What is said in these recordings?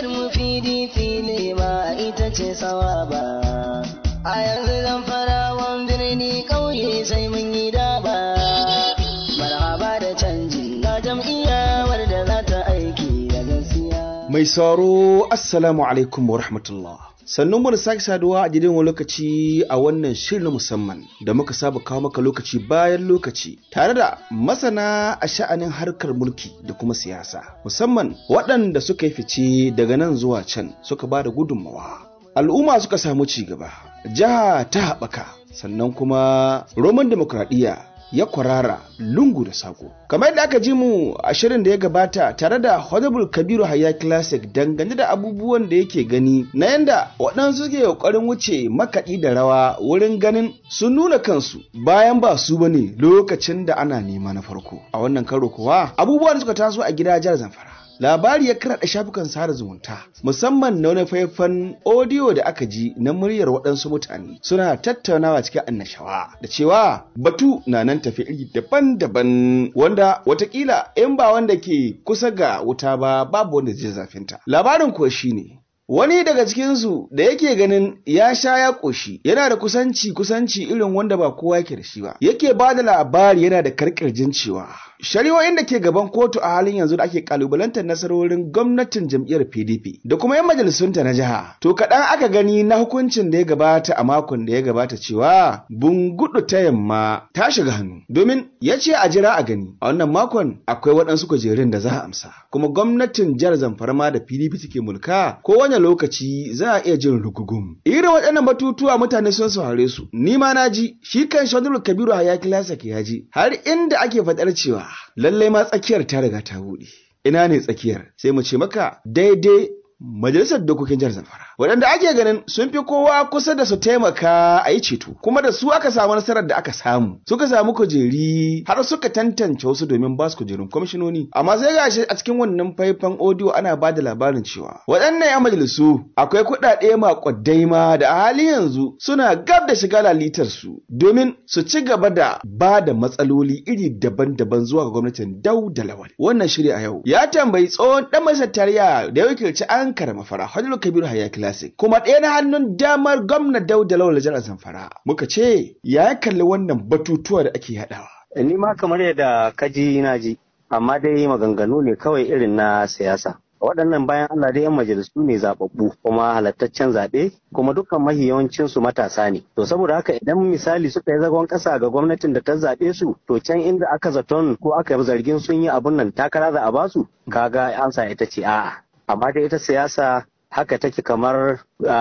Tashar mufidi tile ma ita ce sawaba. Mai sauro Assalamu alaikum wa rahmatullah. Sannan mu da sake saduwa a gidan wani lokaci a wannan shirin na musamman da muka saba kawo maka lokaci bayan lokaci tare da masana a sha'anin harkar mulki da kuma siyasa musamman waɗanda suka yi fice daga nan zuwa can suka ba da gudunmawa. Al'umma suka samu ci gaba, jiha ta haɓaka, sannan kuma Roman demokradiyya ya kwarara lungu da sako. Kamar yadda aka ji mu a shirin da ya gabata tare da Honorable Kabiru Haya Classic dangane da abubuwan da yake gani na yanda waɗansu suke ƙoƙarin wuce makaɗi da rawa wurin ganin sun nuna kansu bayan ba su bane lokacin da ana nema na farko. A wannan karo kuwa abubuwan suka taso a gida jar Zamfara. labari ya karaɗa shafukan sada zumunta musamman na wani faifan odiyo da aka ji na muryar waɗansu mutane suna tattaunawa cikin annashawa da cewa batu na nan tafi iri daban-daban wanda watakila in ba wanda ke kusa ga wuta ba babu wanda zai zafinta labarin kuwa shine Wani daga cikinsu da yake ganin ya sha ya ƙoshi yana da kusanci kusanci irin wanda ba kowa yake da shi ba, yake ba da labari yana da karkirjin cewa. Shari'o'in da ke gaban kotu a halin yanzu da ake kalubalantar nasarorin gwamnatin jam'iyyar PDP da kuma 'yan majalisunta na jiha. To kaɗan aka gani na hukuncin da ya gabata a makon da ya gabata cewa bungudu ta yamma ta shiga hannu. Domin ya ce a jira a gani a wannan makon akwai waɗansu kujerun da za a amsa. Kuma gwamnatin jihar Zamfara ma da PDP suke mulka ko wani lokaci za a iya jin rugugun Irin waɗannan batutuwa mutane sun saurare su. Ni ma na ji shi kan Shadul Kabiru yaƙi kilasa ke yaji har inda ake faɗar cewa lallai ma tsakiyar ta riga ta buɗe. Ina ne tsakiyar sai mu ce maka daidai majalisar dokokin jihar Zamfara. waɗanda ake ganin sun fi kowa kusa da su taimaka a yi ceto kuma da su aka samu nasarar da aka samu suka samu kujeri har suka tantance wasu domin ba su kujerun kwamishinoni amma sai gashi a cikin wannan faifan odiyo ana ba da labarin cewa waɗannan 'yan majalisu akwai kuɗaɗe maƙwaddai ma da a halin yanzu suna gab da shiga lalitar su domin su ci gaba da ba da matsaloli iri daban-daban zuwa ga gwamnatin Dauda lawal wannan shirya a yau ya tambayi tsohon ɗan majalisar tarayya da ya wakilci ankara mafara hajjul kabiru hayakila kuma ɗaya na hannun damar gwamna dauda lawal jihar zamfara muka ce ya kalli wannan batutuwa da ake haɗawa. Eh, ni ma kamar yadda kaji na ji amma dai maganganu ne kawai irin na siyasa waɗannan bayan Allah dai 'yan majalisu ne zaɓaɓɓu kuma halattaccen zaɓe kuma dukkan mahi yawancin su matasa ne to saboda haka idan misali suka yi zagon ƙasa ga gwamnatin da ta zaɓe su to can inda aka zaton ko aka yi zargin sun yi abun nan takara za a basu kaga ansa ita ce a'a amma dai ita siyasa haka take kamar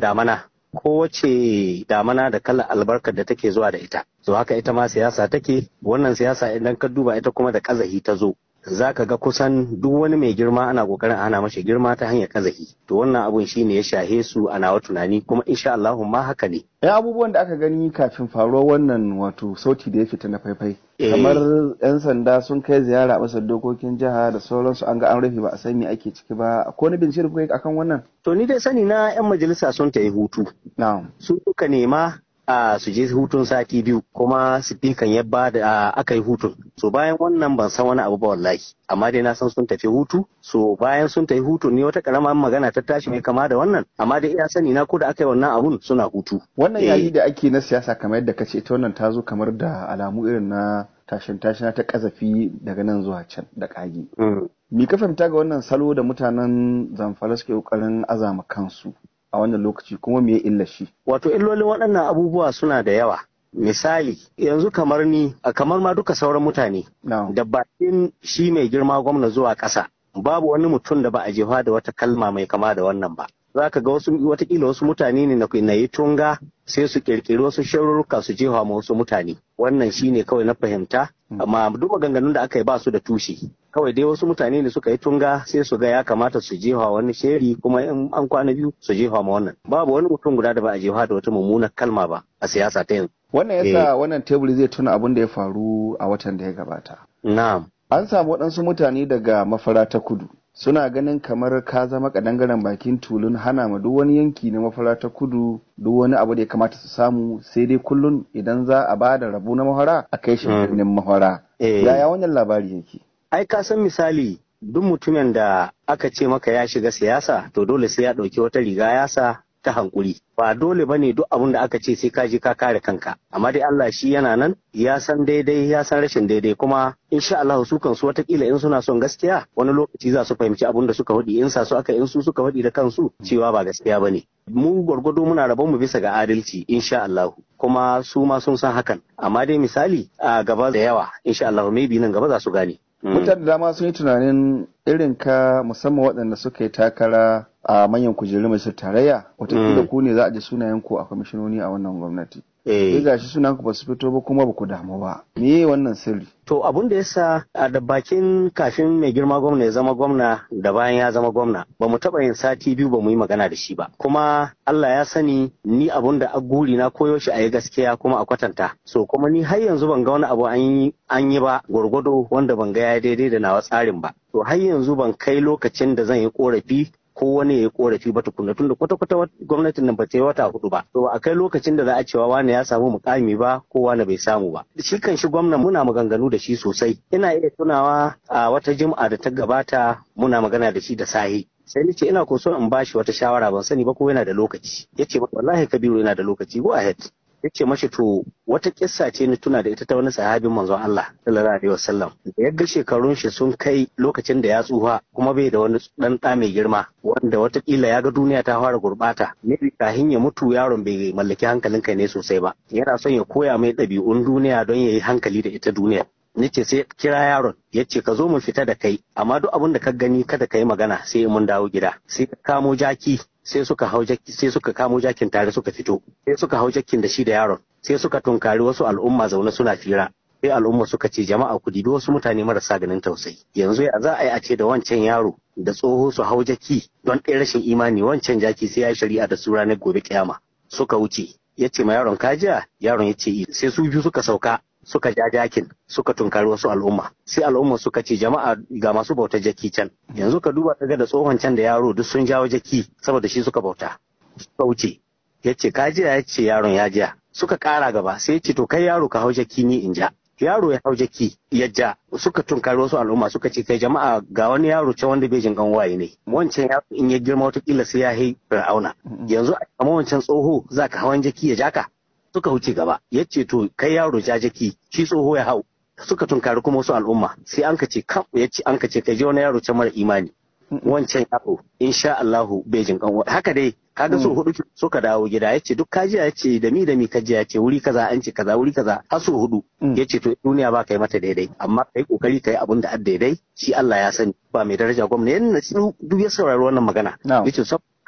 damana kowace damana da kalar albarkar da take zuwa da ita to haka ita ma siyasa take wannan siyasa idan ka duba ita kuma da kazahi ta zo za ka ga kusan duk wani mai girma ana kokarin ana mashi girma ta hanyar kazahi to wannan abun shi ne ya shahe su a nawa tunani kuma insha Allah ma haka ne ya eh, abubuwan da aka gani kafin faruwar wannan wato sauti da ya fita na faifai eh. kamar yan sanda sun kai ziyara a masar dokokin jiha da sauransu an ga an rufe ba a san me ake ciki ba ko ni bincike akan wannan to ni dai sani na yan majalisa sun ta yi hutu na'am su suka nema a su je hutun sati biyu kuma sifikan ya ba da aka yi hutun so bayan wannan ban san wani abu ba wallahi amma dai na san sun tafi hutu so bayan sun tafi hutu ne wata karamar magana ta tashi mai kama da wannan amma dai iya sani na ko da aka yi wannan abun suna hutu wannan eh. yayi da ake na siyasa kamar yadda kace ta wannan ta zo kamar da alamu irin na tashin tashin ta kazafi daga nan zuwa can da kagi. Mi mm. ka fahimta ga wannan salo da mutanen zamfara suke kokarin azama kansu a wannan lokaci kuma me illar shi wato illolin waɗannan abubuwa suna da yawa misali yanzu kamar ni kamar ma duka sauran mutane da bakin shi mai girma gwamna zuwa ƙasa babu wani mutum da ba a jefa da wata kalma mai kama da wannan ba za ka ga wasu watakila wasu mutane ne na yi tunga sai su ƙirƙiri wasu sharurruka su jefa ma wasu mutane wannan shi ne kawai na fahimta Mm. amma duk maganganun da aka yi ba su da tushe kawai dai wasu mutane ne suka yi tunga sai su ga ya kamata su jefa wani sheri kuma in an kwana biyu su jefa ma wannan babu wani mutum guda da ba a jefa da wata mummuna kalma ba a siyasa ta yanzu wannan yasa eh. wannan teburi zai tuna abin da ya faru a watan da ya gabata na'am an samu waɗansu mutane daga mafara ta kudu suna ganin kamar ka zama kadangaren bakin tulun hana ma duk wani yanki na mafara ta kudu duk wani abu da ya kamata su samu sai dai kullun idan za a ba da rabu na mahara a kai shi hmm. birnin mahara eh. yaya wannan labari yake ai ka san misali duk mutumin da aka ce maka ya shiga siyasa to dole sai ya ɗauki wata riga yasa ta hankuri ba dole ba ne duk abin da aka ce sai ka je ka kare kanka amma dai Allah shi yana nan ya san daidai ya san rashin daidai kuma insha Allah su kan su watakila in suna son gaskiya wani lokaci za su fahimci abin da suka faɗi in sa su aka in su suka faɗi da kansu cewa ba gaskiya ba ne mu gwargwado muna rabon mu bisa ga adalci insha Allah kuma su ma sun san hakan amma dai misali a gaba da yawa insha Allah maybe nan gaba za su gane mm. mutane da dama sun yi tunanin irin ka musamman waɗanda suka yi takara a manyan kujeru masu tarayya wataƙila mm. ku ne za a ji sunayen ku a kwamishinoni a wannan gwamnati eh gashi sunan ku ba su fito ba kuma ba ku damu ba me wannan sirri to abun da yasa a da bakin kafin mai girma gwamna ya zama gwamna da bayan ya zama gwamna ba mu taba yin sati biyu ba mu yi magana da shi ba kuma Allah ya sani ni abun da aguri na koyo shi a yi gaskiya kuma a kwatanta so kuma ni har yanzu ban ga wani abu an yi an yi ba gwargwado wanda ban ga ya daidai da nawa tsarin ba to har yanzu ban kai lokacin da zan yi korafi ko wani ya korafi ba tukuna tunda kwata kwata gwamnatin nan ba ta yi wata hudu ba to a kai lokacin da za a cewa wani ya samu mukami ba ko wani bai samu ba shi kan shi gwamnan muna maganganu da shi sosai ina iya tunawa a wata jim'a da ta gabata muna magana da shi da sahi sai ni ce ina ko so in bashi wata shawara ban sani ba ko yana da lokaci yace wallahi kabiru yana da lokaci go ahead yace mashi to wata kissa ce ni tuna da ita ta wani sahabin manzon Allah sallallahu alaihi wasallam da yaga shekarun shi sun kai lokacin da ya tsufa kuma bai da wani dan da mai girma wanda watakila ya ga duniya ta fara gurbata ne kahin ya mutu yaron bai mallaki hankalin kai ne sosai ba yana son ya koya mai ɗabi'un duniya don ya yi hankali da ita duniya nace sai kira yaron ya ce ka zo mu fita da kai amma duk abin da ka gani kada ka yi magana sai mun dawo gida sai ka kamo jaki sai suka hau sai suka kamo jakin tare suka fito sai suka hau jakin da shi da yaron sai suka tunkari wasu al'umma zaune suna fira sai al'umma suka ce jama'a ku dibi wasu mutane marasa ganin tausayi yanzu ya za a yi a ce da wancan yaro da tsoho su hau jaki don ɗaya rashin imani wancan jaki sai ya shari'a da su ranar gobe kiyama suka wuce ya ce ma yaron kajiya yaron ya ce sai su biyu suka sauka suka ja jakin suka tunkari wasu al'umma sai al'umma suka ce jama'a ga masu bauta jaki can yanzu ka duba kaga da tsohon can da yaro duk sun jawo jaki saboda shi suka bauta suka wuce ya ce ka jiya ya ce yaron ya jiya suka kara gaba sai ya ce to kai yaro ka hau jaki ni in ja yaro ya hau jaki ya ja suka tunkari wasu al'umma suka ce kai jama'a ga wani yaro can wanda bejin kan waye ne wancan yaro in ya girma watakila sai ya hai fir'auna yanzu a wancan tsoho za ka hawan jaki ya jaka suka wuce gaba ya ce to kai yaro jajaki shi tsoho ya hau suka tunkari kuma wasu al'umma sai an kace kam ya ce an kace kai je wani yaro can mara imani wancan yaro insha Allahu bai jin kan haka dai kaga so hudu suka dawo gida ya ce duk kaji ya ce da mi da mi kaji ya ce wuri kaza an ce kaza wuri kaza har so hudu mm. ya ce to duniya ba kai mata daidai amma kai kokari kai abun da ad daidai shi Allah ya sani ba mai daraja gwamna yana duk ya saurari wannan magana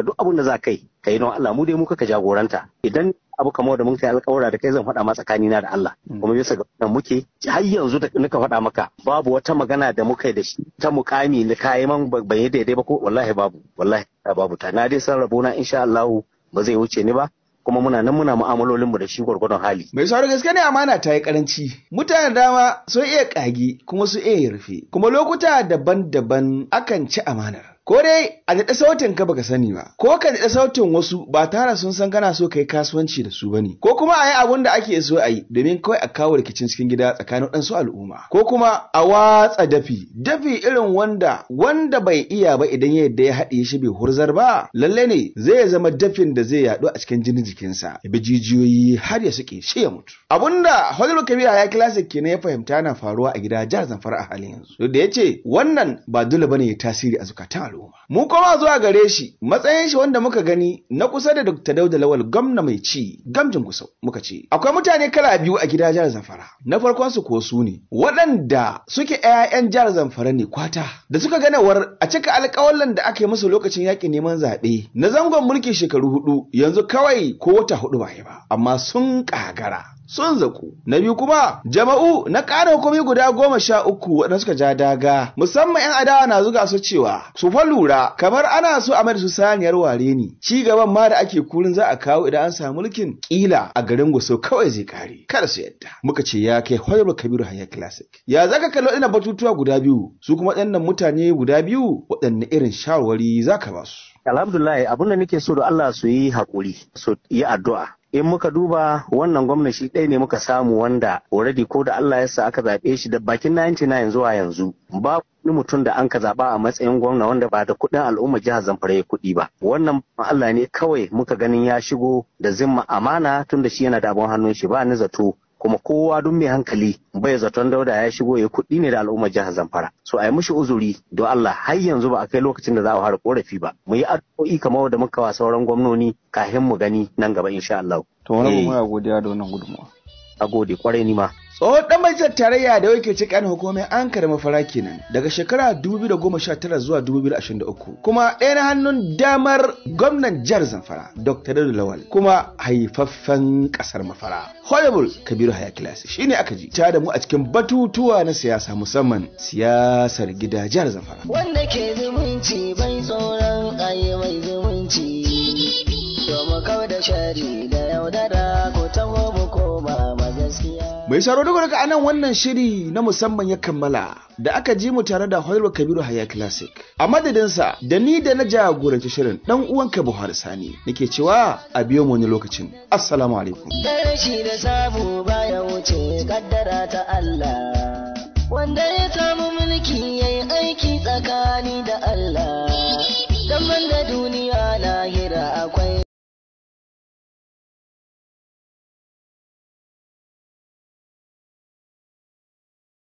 ka duk abin da za kai, yi ka yi don Allah mu dai mu ka jagoranta idan abu kamar da mun kai alƙawara da kai zan faɗa ma tsakanina da Allah mm. kuma bisa ga wannan muke har yanzu da nika faɗa maka babu wata magana da muka yi da shi ta mukami na kayan ban yi daidai ba ko wallahi babu wallahi babu ta na dai san rabona insha Allah ba zai wuce ni ba kuma muna nan muna mu'amalolinmu da shi gwargwadon hali. Mai sauri gaske ne amana ta yi karanci. Mutanen dama sun iya kagi kuma su iya rufe. Kuma lokuta daban-daban akan ci amanar. ko dai a daɗa sautin ka baka sani ba ko ka daɗa sautin wasu ba tara sun san kana so kai kasuwanci da su ba ne ko kuma a yi abun da ake so a yi domin kawai a kawo rikicin cikin gida tsakanin ɗansu al'umma ko kuma a watsa dafi dafi irin wanda wanda bai iya ba idan ya yadda ya haɗe shi bai hurzar ba lalle ne zai zama dafin da zai yaɗu a cikin jinin jikinsa ya bi jijiyoyi har ya suke shi ya mutu Abun da Hajjul Kabira ya classic kenan ya fahimta na faruwa a gida jihar Zamfara a halin yanzu da ya ce wannan ba dole bane ya tasiri a zukatan al'umma al'umma. Mu koma zuwa gare shi matsayin shi wanda muka gani na kusa da Dr. Dauda Lawal gwamna mai ci gamjin kusa muka ce. Akwai mutane kala biyu a gida jihar Zamfara. Na farkon su ko su ne waɗanda suke 'ya'yan jihar Zamfara ne kwata da suka war a cika alƙawallan da aka yi musu lokacin yaƙin neman zaɓe na zangon mulki shekaru hudu yanzu kawai ko wata hudu ba ba amma sun ƙagara sun zaku. Na biyu kuma jama'u na ƙara hukumi guda goma sha uku waɗanda suka ja daga musamman 'yan adawa na zuga su cewa su fa lura kamar ana so a mai su saniyar ware ne ci gaban ma da ake kurin za a kawo idan an samu mulkin ƙila a garin gusau kawai zai kare kada su yadda muka ce ya kai hoyar kabiru hanyar classic ya zaka kalli waɗannan batutuwa guda biyu su kuma waɗannan mutane guda biyu waɗanne irin shawarwari za ka ba su. Alhamdulillah abin da nake so da Allah su yi haƙuri su yi addu'a in muka duba wannan gwamna shi ɗaya ne muka samu wanda already ko da Allah ya sa aka zaɓe shi da bakin na 99 zuwa yanzu Ba wani mutum da an ka zaɓa a matsayin gwamna wanda ba da kuɗin al'umma jihar Zamfara ya kuɗi ba. Wannan Allah ne kawai muka ganin ya shigo da zimma amana tunda shi yana da abin hannun shi ba ni zato kuma kowa don mai hankali bai zaton dauda ya shigo ya kuɗi ne da al'ummar jihar zamfara so a yi mushi uzuri don allah har yanzu ba a kai lokacin da za a fara korafi ba mu yi addu'o'i kamar da muka wa sauran gwamnoni kafin mu gani nan gaba insha allah to wani ya eh. godiya da wannan gudunmawa a gode kwarai ni ma tsohon dan majalisar tarayya da yake cikin hukumar an mafara kenan daga shekara 2019 zuwa 2023 kuma ɗaya na hannun damar gwamnan jihar zamfara dr dadu lawal kuma haifaffen ƙasar mafara honorable kabiru haya kilasi shine aka ji ta da mu a cikin batutuwa na siyasa musamman siyasar gida jihar zamfara wanda ke zumunci bai tsoron ayi mai zumunci domin kawai da shari da yaudara ko taho mu koma Mai saro daga daga anan wannan shiri na musamman ya kammala da aka ji mu tare da Hoyarwa Kabiru Haya Classic. A madadinsa da ni da na jagoranci shirin dan uwanka Buhari Sani nake cewa a biyo mu wani lokacin. Assalamu alaikum. da sabo baya wuce kaddara ta Allah. Wanda ya samu mulki yayi aiki tsakani da Allah.